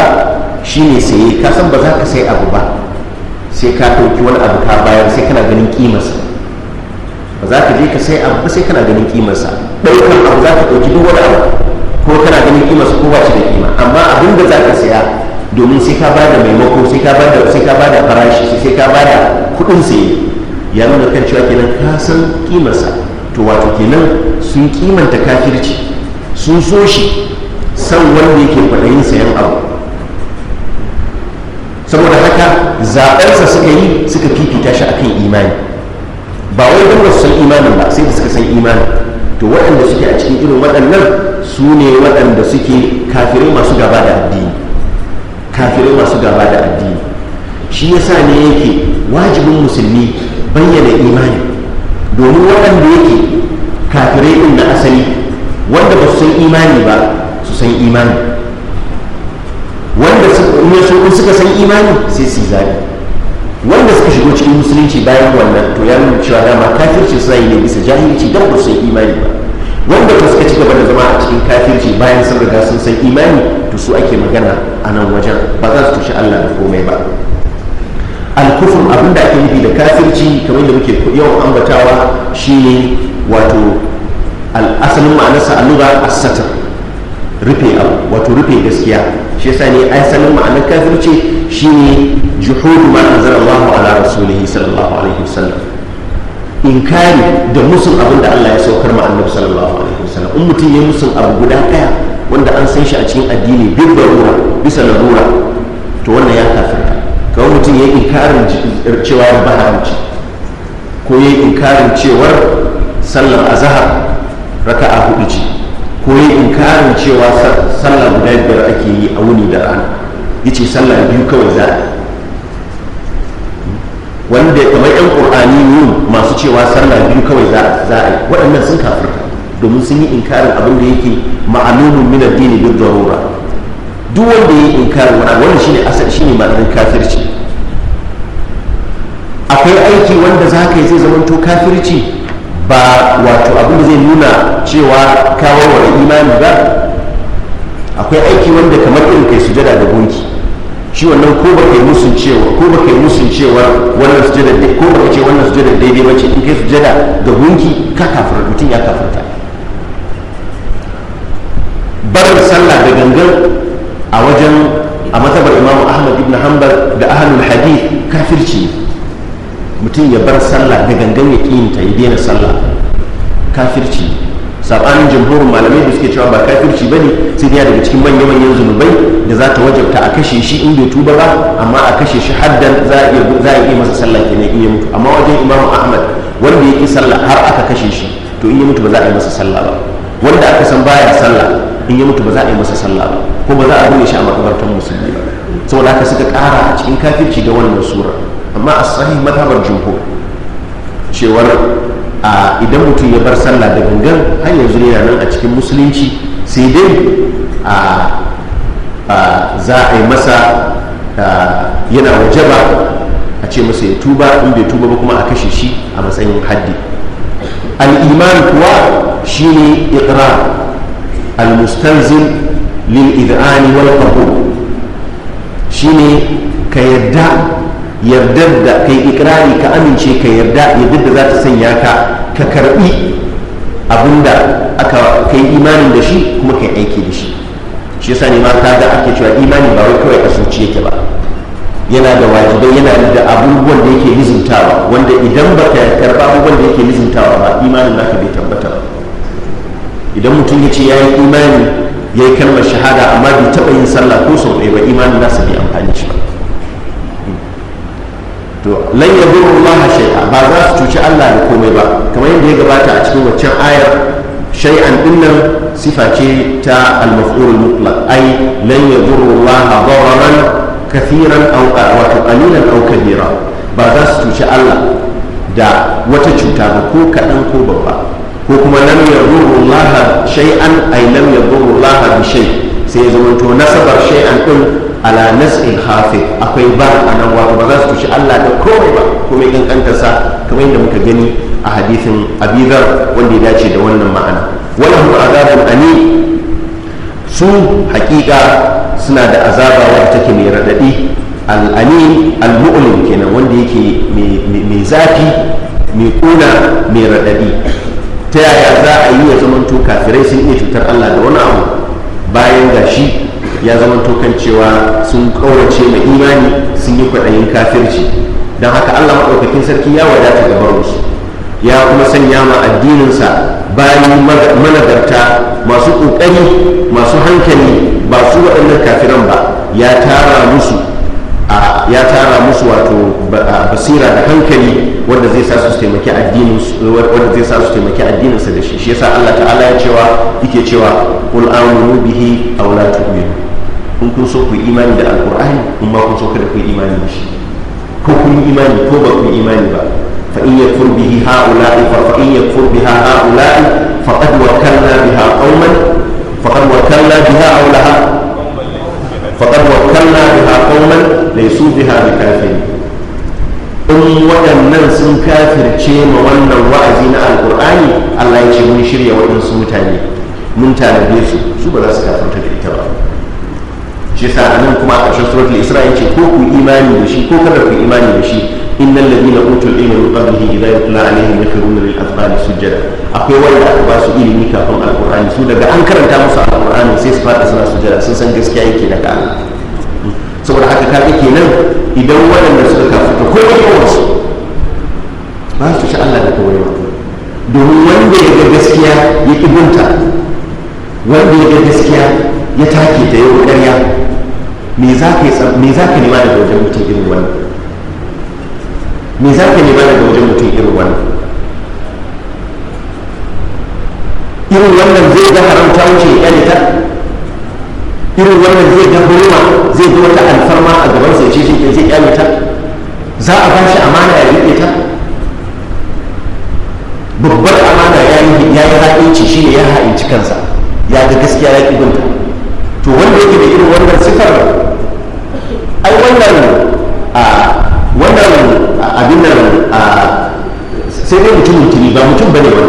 ne saye ka san ba za ka sai abu ba sai ka ɗauki wani abu ka bayar sai kana ganin kimarsa ba za ka je ka sai abu ba sai kana ganin kimarsa ɗaukar abu za ka ɗauki duk wani abu ko kana ganin kima su ko ba da kima amma abin da za ka saya domin sai ka bada maimako sai ka bada sai ka bada farashi sai ka bada kuɗin saye ya nuna kan cewa kenan ka san kimarsa to wato kenan sun kimanta kafirci sun so shi san wanda yake yin sayan abu saboda haka zaɓensa suka yi suka fifita shi akan imani ba wai don ba su san imanin ba sai da suka san imanin to waɗanda suke a cikin irin waɗannan su ne waɗanda suke kafirai masu gaba da addini kafirai masu gaba da addini shi yasa ne yake wajibin musulmi bayyana imani domin waɗanda yake kafirai ɗin na asali wanda ba su san imani ba su san imani wanda in suka san imani sai su zaɓi wanda suka shigo cikin musulunci bayan wannan to ya nuna cewa dama kafirci suna yi ne bisa jahilci don ba su imani ba wanda ba suka ci gaba da zama a cikin kafirci bayan sun riga sun san imani to su ake magana a nan wajen ba za su tushe Allah da komai ba alkufur abin da ake nufi da kafirci kamar da muke yawan ambatawa shine wato asalin ma'anarsa a lura satar rufe abu wato rufe gaskiya shi yasa ne asalin ma'anar kafirci ne juhudu ma anzala Allah ala rasulihi sallallahu alaihi wasallam inkari da musul abin da Allah ya saukar ma annabi sallallahu alaihi wasallam in mutum ya musul abu guda daya wanda an san shi a cikin addini bil darura bisa larura to wannan ya kafirta kawai mutum ya inkarin er, cewa ba haramci ko ya inkarin cewar sallar azhar raka'a hudu ce ko ya inkarin cewa sallar guda biyar ake yi a wuni da rana ya ce sallah biyu kawai za a wanda kamar yan ƙur'ani yin masu cewa sallah biyu kawai za a yi waɗannan sun kafirta domin sun yi inkarin abin da yake ma'alumin dini duk da rura duk wanda ya yi inkarin wannan wanda asar shi ne ma'anin kafirci akwai aiki wanda za ka yi zai zama to kafirci ba wato abin da zai nuna cewa wa imani ba akwai aiki wanda kamar irin kai sujada da gunki shi wannan ko baka yi musun cewa ko baka yi musun cewa wannan sujada dai ko baka ce wannan sujada daidai bace in kai sujada ga gunki ka kafir mutum ya kafirta barin sallah da gangan a wajen a matsabar imam ahmad ibn hanbal da ahlul hadith kafirci mutum ya bar sallah da gangan ya kinta ta ya daina sallah kafirci sabanin jamhurin malamai da suke cewa ba kafirci bane sai dai daga cikin manyan manyan zunubai da za ta wajabta a kashe shi in bai tuba ba amma a kashe shi haddan za a iya za a iya masa sallah kenan in ya mutu amma wajen imamu ahmad wanda ya ki sallah har aka kashe shi to in ya mutu ba za a yi masa sallah ba wanda aka san baya sallah in ya mutu ba za a yi masa sallah ba ko ba za a binne shi a makabartan musulmi ba saboda haka suka kara a cikin kafirci da wannan sura amma a sahih madhabar jumhur cewar a idan mutum ya bar sallah da gangan har yanzu yana nan a cikin musulunci sai dai a za a yi masa yana waje ba a ce masa ya tuba in bai tuba ba kuma a kashe shi a matsayin haddi al'iman kuwa shi ne iqrar al-mustanzil lil id'ani wal qabul shine ka yadda yardar da kai ikirari ka amince ka yarda yadda za ta sanya ka ka karbi abinda aka kai imanin da shi kuma kai aiki da shi shi yasa ne ma ka ga ake cewa imani ba wai kawai asoci yake ba yana da wajibai yana da abubuwan da yake nizuntawa wanda idan ba ka karba abubuwan da yake nizuntawa ba imanin naka bai tabbata ba idan mutum ya ce ya yi imani ya yi kalmar shahada amma bai taɓa yin sallah ko sau ɗaya ba imanin nasa bai amfani shi ba to lan yadurru Allah shay'a ba za su cuci Allah da komai ba kamar yadda ya gabata a cikin waccan ayar shay'an dinnan sifa ce ta al-maf'ul mutlaq ai lan yadurru Allah dararan kathiran aw wa qalilan aw kabira ba za su cuci Allah da wata cuta ba ko kadan ko babba ko kuma lam yadurru Allah shay'an ai lam yadurru Allah bi shay sai zama to nasabar shai'an din ala nas'il akwai ba a nan wato ba za su tushi Allah da komai ba komai kankantarsa kamar yadda muka gani a hadisin abizar wanda ya dace da wannan ma'ana wani hu ani su hakika suna da azaba wadda take mai raɗaɗi al'ani al-mu'lim kenan wanda yake mai zafi mai kuna mai raɗaɗi ta yaya za a yi ya to kafirai sun iya cutar Allah da wani abu bayan gashi ya zama tokan cewa sun ƙaurace mai imani sun yi kwaɗayin kafirci don haka allah maɗaukakin sarki ya wadata da barinsu ya kuma sanya ma addininsa bayan managarta masu ƙoƙari masu hankali ba su waɗannan kafiran ba ya tara musu ya tara musu wato basira da hankali wanda zai sa su taimaki addinin sa da shi shi yasa Allah ta'ala ya cewa yake cewa qul a'udhu bihi aw la tu'minu in kun so ku imani da alkur'ani in ma kun so kada ku imani da shi ko kun imani ko ba ku imani ba fa in yakfur bihi haula'i fa fa in yakfur biha haula'i faqad wakalna biha qauman faqad wakalna biha aulaha faqad wakalna biha qauman laysu biha bikafirin in waɗannan sun kafirce ma wannan wa'azi na alkur'ani Allah ya ce mun shirya waɗansu mutane mun tanade su su ba za su kafirta da shi yasa nan kuma a ƙarshen suratul isra ce ko ku imani da shi ko kada ku imani da shi innal ladina utul ilma min qablihi idza yutla alaihim yakhruna lil azqani sujada akwai wanda aka ba su ilimi kafin alqur'ani su daga an karanta musu alqur'ani sai su fada suna sujada sun san gaskiya yake da ka'a saboda haka kaga kenan idan waɗanda suka kafuta ko yawansu ba su ci Allah da kawai domin wanda ya ga gaskiya ya ƙi wanda ya ga gaskiya ya take ta yau ƙarya me za ka nema daga wajen mutum irin wannan me za ka nema daga wajen mutum irin wannan irin wannan zai ga haramta wuce ya ta irin wannan zai ga hulma zai ga wata alfarma a gaban sai ce shi zai kyale ta za a bashi amana ya rike ta babbar amana ya yi haɗinci shi ne ya ha'inci kansa ya ga gaskiya ya ƙi binta to wanda yake da irin wannan sifar ai wannan a wannan abin nan a sai dai mutum mutumi ba mutum bane ba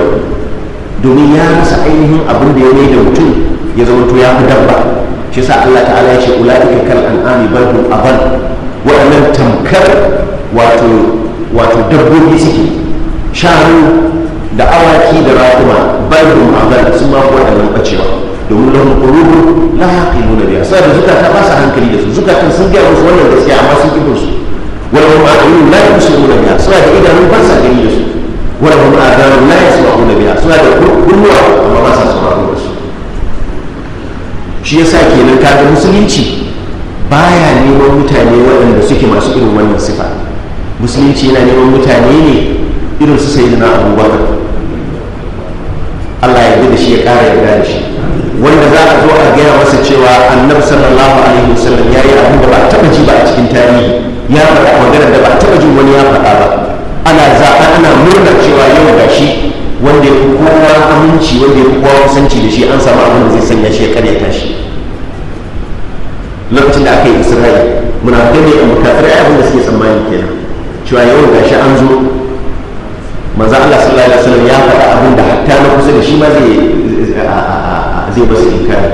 domin ya rasa ainihin abin da ya yi da mutum ya zama to ya fi dabba shi sa Allah ta'ala ya ce ula'ika kal an'ami bal hum abal wannan tamkar wato wato dabbobi suke shanu da awaki da raƙuma bayan hum abal sun ma waɗannan bacewa domin da lahum qulubun la yaqiluna biha sai da zukata ba su hankali da su zukatan sun gaya musu wannan gaskiya amma sun kifin su wala a a'yun la yusiruna biha sai da idanun ba sa gani da su wala hum adhanun la yasma'una biha sai da kulluwa amma ba sa sauraro da su shi ya yasa kenan kaga musulunci baya neman mutane waɗanda suke masu irin wannan sifa musulunci yana neman mutane ne irin su sayyidina abubakar Allah ya da shi ya ƙara yarda da shi wanda za a zo a gaya masa cewa annabi sallallahu alaihi wasallam ya yi abin da ba a taɓa ji ba a cikin tarihi ya faɗa magana da ba a taɓa jin wani ya faɗa ba ana za ana murna cewa yau ga shi wanda ya fi kowa aminci wanda ya fi kowa kusanci da shi an samu abin da zai sanya shi ya ta shi lokacin da aka yi isra'i muna gane a makafirai abin da suke tsammani kenan cewa yau ga shi an zo maza allah sallallahu alaihi wasallam ya faɗa abin da hatta na kusa da shi ma zai zai masa inkari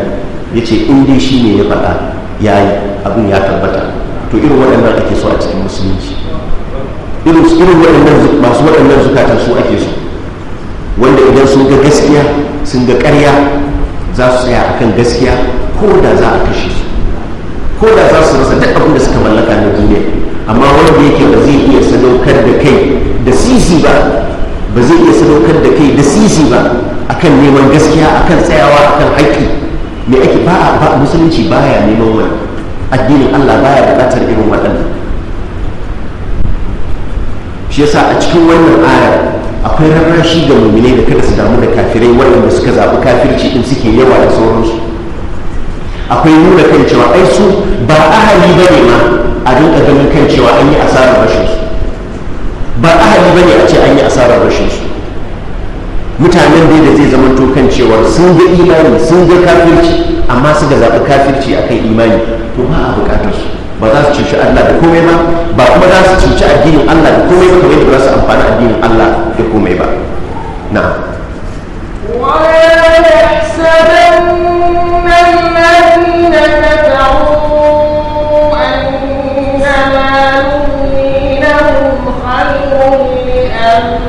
ya ce in dai shi ne ya faɗa ya yi abin ya tabbata to irin waɗannan ake so a cikin musulunci irin waɗannan masu waɗannan zukatar su ake so wanda idan sun ga gaskiya sun ga ƙarya za su tsaya a kan gaskiya ko da za a kashe su ko da za su rasa duk abin da suka mallaka na duniya amma wanda yake ba zai iya sadaukar da kai da sisi ba ba zai iya sadaukar da kai da sisi ba akan neman gaskiya akan tsayawa akan haƙƙi me ake ba a musulunci baya neman wani addinin Allah baya buƙatar irin waɗannan shi yasa a cikin wannan ayar akwai rarrashi ga muminai da kada su damu da kafirai waɗanda suka zaɓi kafirci din suke yawa da sauransu akwai nuna kan cewa ai su ba ahali ba ne ma a rinka ganin kan cewa an yi asarar rashin su ba ahali ba ne a ce an yi asarar rashin su mutanen dai da zai zama tokan cewa sun ga imani sun ga kafirci amma suka zaɓi kafirci kan imani to ba a buƙatar su ba za su cuci Allah da komai ba ba kuma za su cuci addinin Allah da komai ba kamar yadda ba su amfani addinin Allah da komai ba na Thank you.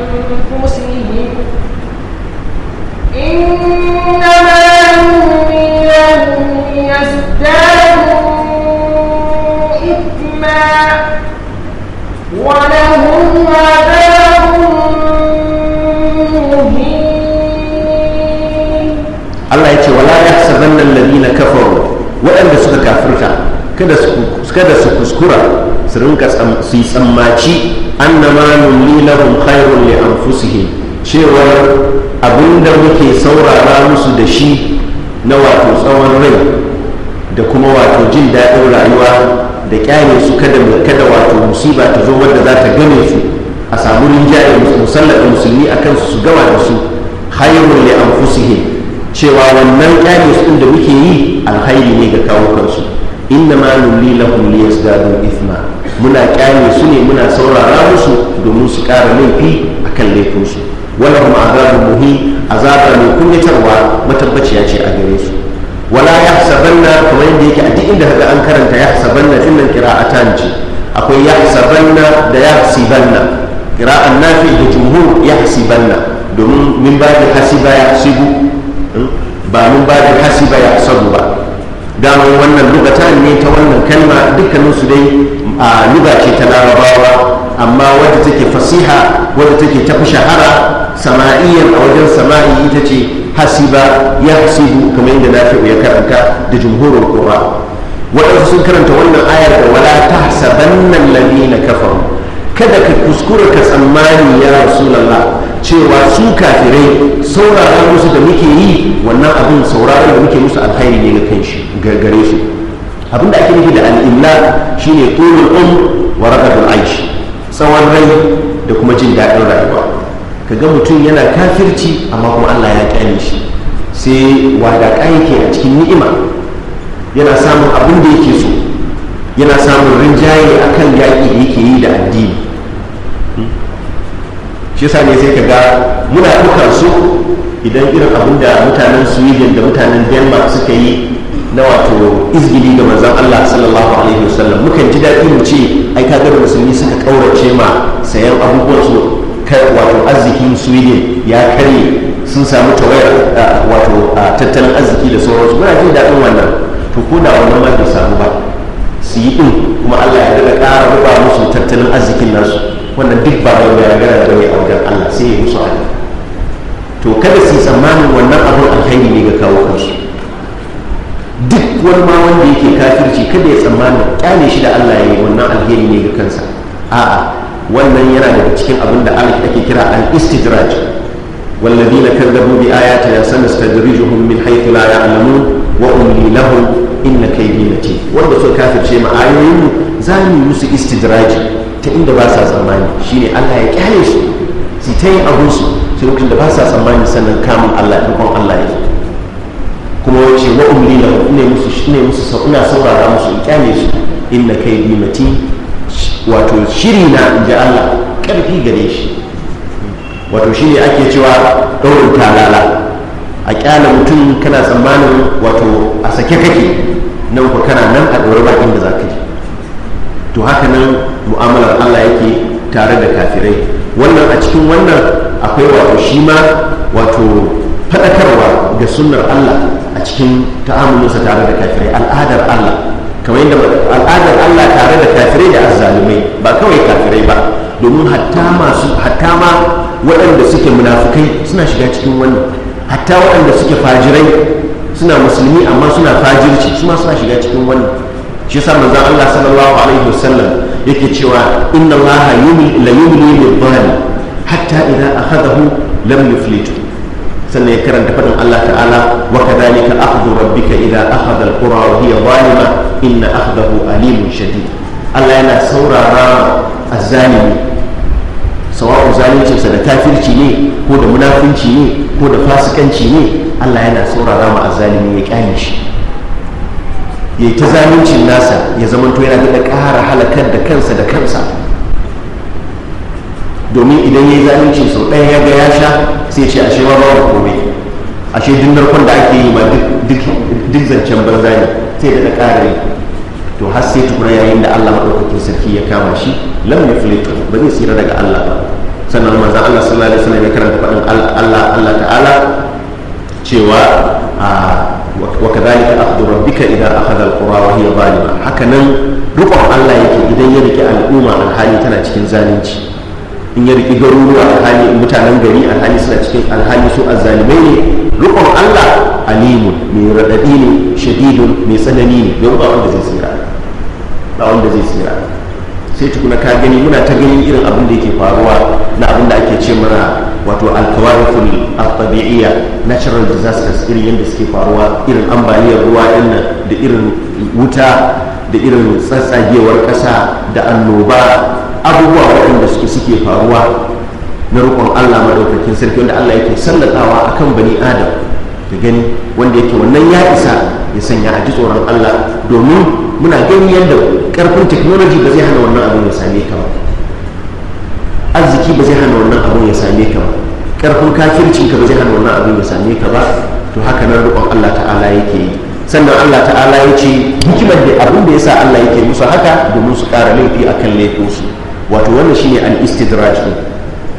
Allah ya ce wala ya saban nan na kafa waɗanda suka kafirta kada su kuskura su rinka su yi tsammaci annama nulli lahum ne an anfusihim cewa abinda muke saurara musu da shi na wato tsawon rai da kuma wato jin daɗin rayuwa da kyale su kada wato musiba ta zo wadda za ta gane su a samu rinjaye musallata musulmi a kansu su gama da su ne an anfusihim cewa wannan kyale su da muke yi alhairi ne ga kawo kansu inda ma nulli lahum liyazdadu ithma muna kyale su ne muna saurara musu domin su ƙara laifi a kan laifinsu wala hum azabun muhi azaba mai kunyatarwa matabbaciya ce a gare su wala yahsabanna kamar yadda yake a duk inda kaga an karanta yahsabanna din nan qira'atan ce akwai yahsabanna da yahsibanna an nafi da jumhur ya hasibanna domin min ba da hasiba ya hmm? ba min ba da hasiba ya sabu ba daman wannan lugata ne ta wannan kalma dukkaninsu dai a luga ta larabawa amma wadda take fasiha wadda take tafi shahara sama'iyyar a wajen sama'i ita ce hasiba ya hasibu kamar yadda nafi'u ya karanta da jumhurin qurra waɗansu sun karanta wannan ayar da wala tahsabanna alladhina kafaru kada ka kuskura ka tsammani ya rasulallah cewa su kafirai saurara musu da muke yi wannan abin sauraron da muke musu alkhairi ne na kan shi gare su abin da ake nufi da al'imla shine tulul um wa raqatul aiki tsawon rai da kuma jin daɗin rayuwa ga mutum yana kafirci amma kuma Allah ya ƙyani shi sai wadaƙa yake a cikin ni'ima yana samun abin da yake so yana samun rinjaye akan yaƙi da yake yi da addini shi yasa ne sai ka ga muna ɗaukar su idan irin abin da mutanen sweden da mutanen denmark suka yi na wato izgili ga manzan allah sallallahu alaihi wasallam mukan ji daɗi mu ce ai ka ga musulmi suka ƙaurace ma sayan abubuwan su wato arzikin sweden ya karye sun samu tawayar wato tattalin arziki da sauransu muna jin daɗin wannan to ko da wannan ma bai samu ba su yi ɗin kuma allah ya daga ƙara ruba musu tattalin arzikin nasu wannan duk ba da gara da ne a wajen Allah sai ya musu hali to kada su tsammanin wannan abin alhaini ne ga kawo kansu duk wani ma wanda yake kafirci kada ya tsammanin kyale shi da Allah ya yi wannan alheri ne ga kansa a'a wannan yana daga cikin abin da Allah ake kira al-istidraj والذين كذبوا بآياتنا سنستدرجهم من حيث لا يعلمون وأملي لهم إن كيدي متين وأنت كافر شيء ما آيوين زاني يوسي استدراجي ta inda ba sa tsammani shi ne allah ya kyale su su ta yin abinsu su lokacin da ba sa tsammani sannan kamun allah ya kwan allah ya kuma wace wa umri na ne musu shi musu ina saurara musu in kyale su inna kai bi mati wato shiri na in ji allah karfi gare shi wato shi ne ake cewa ɗaurin talala a kyale mutum kana tsammanin wato a sake kake nan ku kana nan a ɗaurin bakin da za ka ji to haka nan mu'amalar allah yake tare da kafirai wannan a cikin wannan akwai wato shi ma wato faɗakarwa ga sunnar allah a cikin ta'amulinsa tare da kafirai al'adar allah kamar yadda al'adar allah tare da kafirai da azzalumai ba kawai kafirai ba domin hatta masu hatta ma waɗanda suke munafukai suna shiga cikin wannan hatta waɗanda suke fajirai suna musulmi amma suna fajirci su ma suna shiga cikin wannan shi yasa manzon allah sallallahu alaihi wasallam yake cewa inna allaha la yumli lil zalim hatta idza akhadahu lam yuflitu sannan ya karanta fadin Allah ta'ala wa kadhalika akhdhu rabbika idza akhadha al-qura wa hiya zalima inna akhdahu alimun shadid Allah yana saurara azzalimi sawa'u zalincinsa da kafirci ne ko da munafunci ne ko da fasikanci ne Allah yana saurara wa azzalimi ya kyale shi ya ta zaluncin nasa ya zamanto yana da ƙara halakar da kansa da kansa domin idan ya yi zalunci sau ɗaya ya ga ya sha sai ce ashe ma babu komai ashe duk narkon da ake yi ma duk zancen banza ne sai da ƙara yi to har sai tukura yayin da allah maɗaukakin sarki ya kama shi lam ya ba zai tsira daga allah ba sannan manzan allah sallallahu alaihi wasallam ya karanta faɗin allah allah ta'ala cewa a ah, wakadalika a hudu rabbika idan aka zai kura ya hiyar bali ba haka nan rukon allah yake idan ya riƙe al'umma alhali tana cikin zalunci in ya riƙe garuruwa mutanen gari alhali suna cikin alhali su a zalimai ne rukon allah alimun mai raɗaɗi ne shadidun tsanani ne don ba wanda zai tsira ba wanda zai sai tukuna ka gani muna ta ganin irin abin da yake faruwa na abin da ake ce mara wato alkawarifin al-tabi'iyya natural disasters irin yadda suke faruwa irin ambaliyar ruwa yana da irin wuta da irin tsatsagewar ƙasa da annoba abubuwa waɗanda suke suke faruwa na rukun Allah maɗaukakin sarki wanda Allah yake sallatawa akan bani adam da gani wanda yake wannan ya isa ya sanya a ji tsoron Allah domin muna gani yadda ƙarfin technology ba zai hana wannan abin ya same ka ba arziki ba zai hana wannan abin ya same ka ba karfin kafircin ka ba zai hana wannan abin ya same ka ba to haka nan rukun Allah ta'ala yake yi sannan Allah ta'ala ya ce hikimar da abin da ya sa Allah yake musu haka domin su ƙara laifi a kan laifinsu wato wannan shine al-istidraj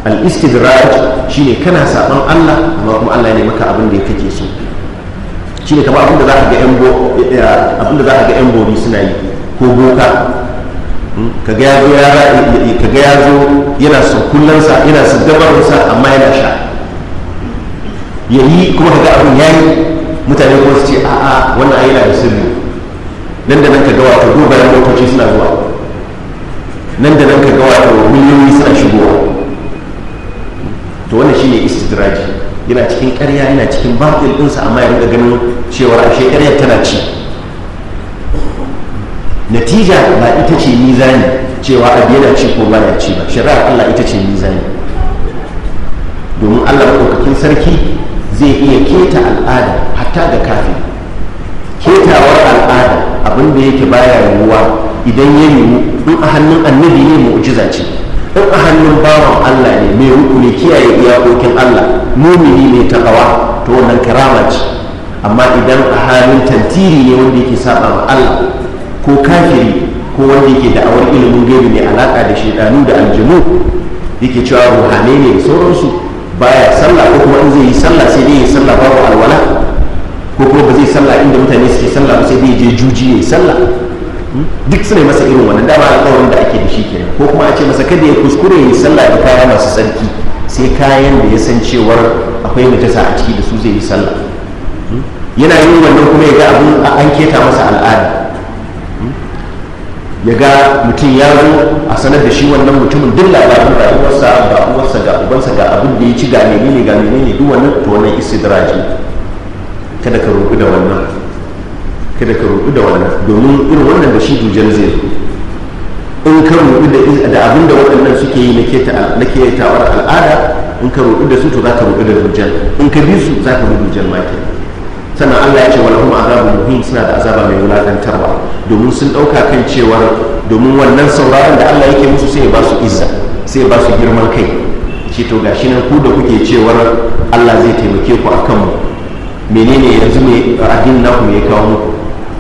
al-istidraj shine kana saɓon Allah amma kuma Allah ne maka abin da ya kake so shine kamar abin da za ka ga yan eh, abin da za ka ga yan bobi suna yi ko boka kaga ya zo ya zo yana son kullansa yana son gabarinsa amma yana sha yayi kuma kaga abin ya yi mutane kuma su ce a'a wannan ai yana da sirri nan da nan kaga wato dogayen lokaci suna zuwa nan da nan kaga wato miliyoyi suna shigowa to wannan shine istidraji yana cikin ƙarya yana cikin batil ɗinsa amma ya rinka ganin cewa ashe ƙaryar tana ci natija ba ita ce mizani cewa abu yana ci ko baya ci ba shari'ar Allah ita ce mizani domin Allah maɗaukakin sarki zai iya keta al'ada hatta ga kafin ketawar al'ada abin da yake baya ruwa idan ya nemi in a hannun annabi ne mu'jiza ce in a hannun bawan Allah ne mai ruku ne kiyaye iyakokin Allah mumini ne ta kawa to wannan karama amma idan a halin tantiri ne wanda yake saba wa Allah ko kafiri ko wanda yake da'awar ilimin gaibi mai alaka da shaidanu da aljanu yake cewa ruhanai ne sauransu baya sallah ko kuma in zai yi sallah sai dai yi sallah babu alwala ko kuma ba zai sallah inda mutane suke sallah ba sai dai je juji ya sallah hmm? duk suna masa irin wannan dama alƙawarin da ake da shi kenan ko kuma a ce masa kada ya kuskure ya sallah da kaya masu sarki sai kayan da ya san cewar akwai matasa a ciki da su zai yi sallah hmm? yana yin wannan kuma ya ga abin an keta masa al'ada ya ga mutum ya zo a sanar da shi wannan mutumin duk labarin rayuwarsa ga uwarsa ga ubansa ga abin da ya ci ga menene ga menene duk wannan to wannan istidraji kada ka rubu da wannan kada ka rubu da wannan domin irin wannan da shi dujan zai zo in ka rubu da abin da waɗannan suke yi na tawar al'ada in ka rubu da su to za ka rubu da dujjal in ka bi su za ka dujan ma maki sannan allah ya ce wani kuma azabin muhim suna da azaba mai wulaƙantarwa domin sun ɗauka kan cewar domin wannan sauraron da allah yake musu sai ba su izza sai ba su girman kai ce to gashi nan ku da kuke cewar allah zai taimake ku a kanmu menene yanzu ne radin naku me ya kawo muku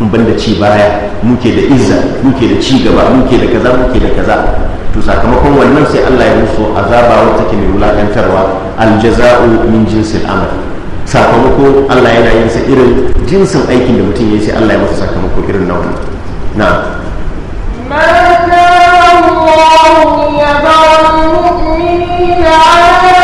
in banda ci baya muke da izza muke da ci gaba muke da kaza muke da kaza to sakamakon wannan sai allah ya musu azaba wata ke mai wulakantarwa aljaza'u min jinsin amal sakamako allah yana yin sa irin jinsin aikin da mutum ya sai allah ya masa sakamako irin na wannan نعم ما كان الله ليذر المؤمنين على